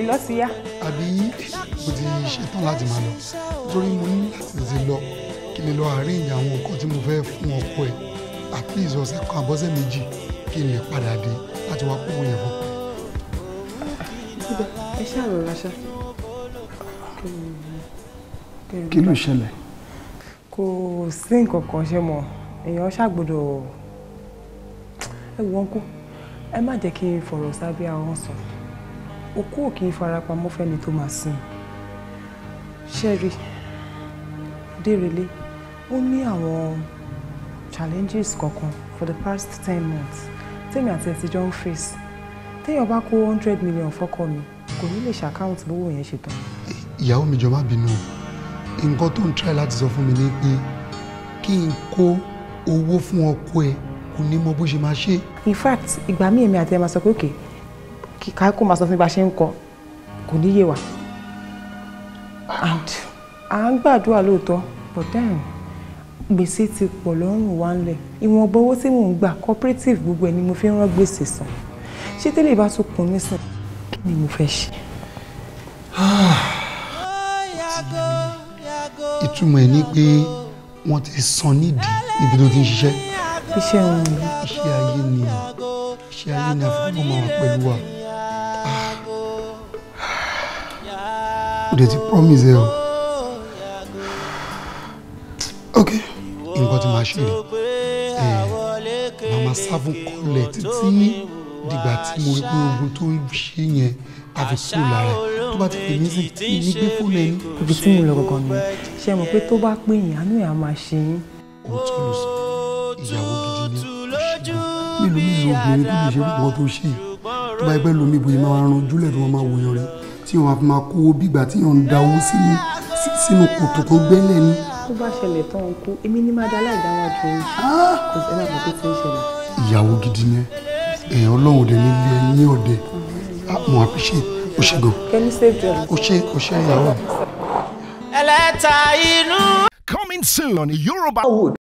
ìlọsíyá. àbí mo ti ṣetán láti máa lọ torí mo ní láti tètè lọ kí lè lọ arrange àwọn nǹkan tí mo fẹ́ fún ọkọ ẹ̀ at least ọ̀sẹ̀ kan àbọ̀sẹ̀ méjì kí n lè padà dé láti wá kó yẹn fún. ẹ ṣáà lọ láṣà. kí ló ṣẹlẹ̀. kò sí nǹkan kan ṣe mọ́ èèyàn ṣàgbọ́dọ̀ ẹ wọ́n kú ẹ má jẹ́ kí n fọ̀rọ̀ sábẹ́ ahọ́n sọ òkú ò kì í farapamọ́ fẹ́ni tó máa sìn ṣẹ́rí dérelé ó ní àwọn challenges kọ̀ọ̀kan for the past ten months tèmi àti ẹ̀tí jọ ń face téèyàn bá kó hundred million fọ́kọ mi kò ní lè ṣàkáùntì bówó yẹn ṣe tán. ìyàwó mi jọ̀ọ́ má bínú nǹkan tó ń try láti sọ fún mi ni pé kí n kó owó fún ọkọ ẹ kò ní mọ bó ṣe máa ṣe. in fact ìgbà míì èmi àti ẹ máa sọ pé òkè okay, kí káíkó máa sọ fún mi bá ṣe ń kọ kò ní yé wa and à ń gbàdúrà lóòótọ́ but then gbèsè ti pọ̀ lọ́rùn wa ńlẹ̀ ìwọ̀nba owó tí mò ń gbà cooperative gbogbo ẹ̀ ni mo fi ń rán gbèsè san ṣé tẹ́lẹ̀ bá tún kún nísìn kí ni mo fẹ́ ṣe. ìtumọ̀ ẹ̀ ni pé wọ́n ti san nídìí níbi tó ti ń ṣiṣẹ́. iṣẹ́ wọn ni. iṣẹ́ ayé ni iṣẹ́ ayé ni àfikún máa pẹ̀lú wa. dẹ̀ ti promise ẹ o ok nǹkan tí màá ṣe rè ẹ màmá sáfún kọlẹ̀ títí dìgbà tí mo rí pé ogun tó ṣe yẹn tàbí kú lára tó bá ti pè mí sí ní gbé fún lẹ́nu. ibi tí mo lọ gangan nù ṣe mọ̀ pé tó bá pè yín àánú ẹ̀ á máa ṣe yín. òótọ́ ló sọ ìyàwó gidi ni mélòó mélòó obìnrin tó lè ṣe wọ́n tó ṣe tó bá ẹgbẹ́ lomi ìbòyè máa ń ranjú lẹ̀ tó wọ́n máa wòyàn rẹ̀ tí wọn fi máa kó bígbà tí wọn ń dawó sínú sínú kòtò tó gbẹ́lẹ̀ ni. tó bá ṣẹlẹ̀ tán ń kú èmi ní máa da aláìdáwájú yín ah! kò sí ẹ̀rọ àbúkú tí ṣẹlẹ̀. ìyàwó gidi ni ẹ ọlọ́run òde nílé ní òde ah, mo àfiṣe o ṣe gan. kẹ́ni save job. o ṣe o ṣe ìyàwó. ẹlẹ́ta inú. coming soon on Yorubawood.